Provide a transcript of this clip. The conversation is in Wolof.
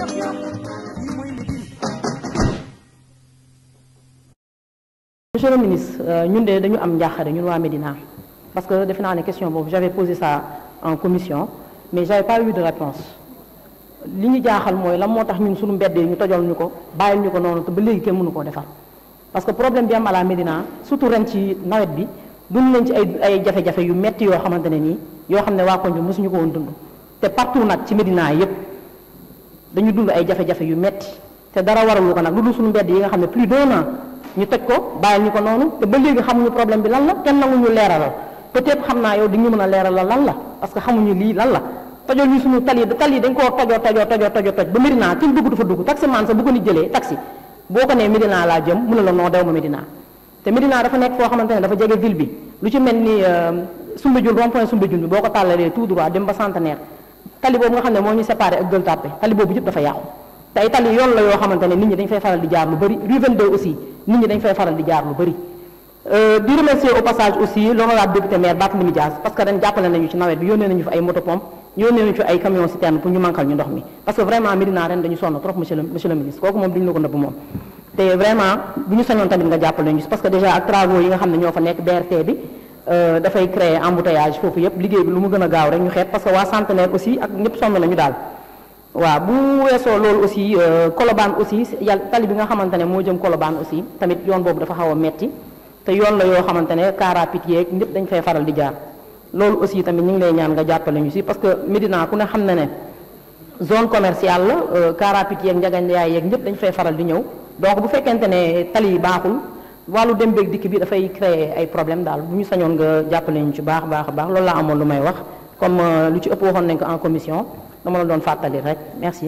yëpp yëpp monsieur le ministre euh, ñun de dañu am njaaxare ñun waa Médina parce que defe naa ne question boobu j'avais posé sa en commission mais j'avais pas eu de réponse li ñu jaaxal mooy lan moo tax ñun suñu mbedd yi ñu tojal ñu ko bàyyil ñu ko noonu te ba léegi kenn mënu koo defar parce que problème bi am à la Médina surtout ren ci nawet bi dund nañ ci ay ay jafe-jafe yu metti yoo xamante ne nii yoo xam ne waa koñ bi mosuñu ko woon dund te partout nag ci Médina yépp dañu dund ay jafe-jafe yu metti te dara waralu ko nag lu dul suñu mbedd yi nga xam ne plus d'un ñu toj ko bàyyil ñu ko noonu te ba léegi xamuñu problème bi lan la kenn nangu ñu leeralal peut-être xam naa yow di ñu mën a leeralal lan la parce que xamuñu lii lan la tojol ñu suñu tali tali dañ koo tojoo tojoo tojoo toj ba Médina kenn dugg du fa dugg taxi man bu ko ni jëlee taxi boo ko nee Médina laa jëm mu ne la noo dew ma Médina te Médina xamante ne dafa jege ville bi euh, boo ko tàllalee tout droit ba centenaire tali boobu nga xam ne moo ñu séparé ak Gueule Tapée tali boobu yëpp dafa yàqu te ay tali yoon la yoo xamante nit ñi dañ fay faral di jaar lu bëri rue euh, remercier au passage aussi l'honorable député maire Barthélémy Dias parce que ren jàppale nañu ci nawet bi yónnee nañu fi ay moto pompe yónnee nañu ci ay camion citerne pour ñu mankal ñu ndox mi parce que vraiment Médina ren dañu sonn trop monsieur le ministre kooku moom duñu la ko nëbb moom te vraiment Euh, dafay créer embouteillage foofu yëpp liggéey bi lu mu gën a gaaw rek ñu xeet parce que waa centenaire aussi ak ñëpp sonn nañu daal waaw bu weesoo loolu aussi euh, Colobane aussi yàlla tali bi nga xamante ne moo jëm Colobane aussi tamit yoon boobu dafa xaw a metti te yoon la yoo xamante ne car rapide yeeg ñëpp dañ fay faral di jaar loolu aussi tamit ñu ngi lay ñaan nga jàppale ñu si parce que Médina ku ne xam ne ne zone commerciale la car euh, rapide yeeg njagan yeeg ñëpp dañ fay faral di ñëw donc bu fekkente wàllu dem beeg dikk bi dafay créer ay problème daal bu ñu sañoon nga jàppale ñu ci baax baax a baax loolu laa amoon lu may wax comme euh, lu ci ëpp waxoon nañ ko en commission dama la doon fàttali rek merci.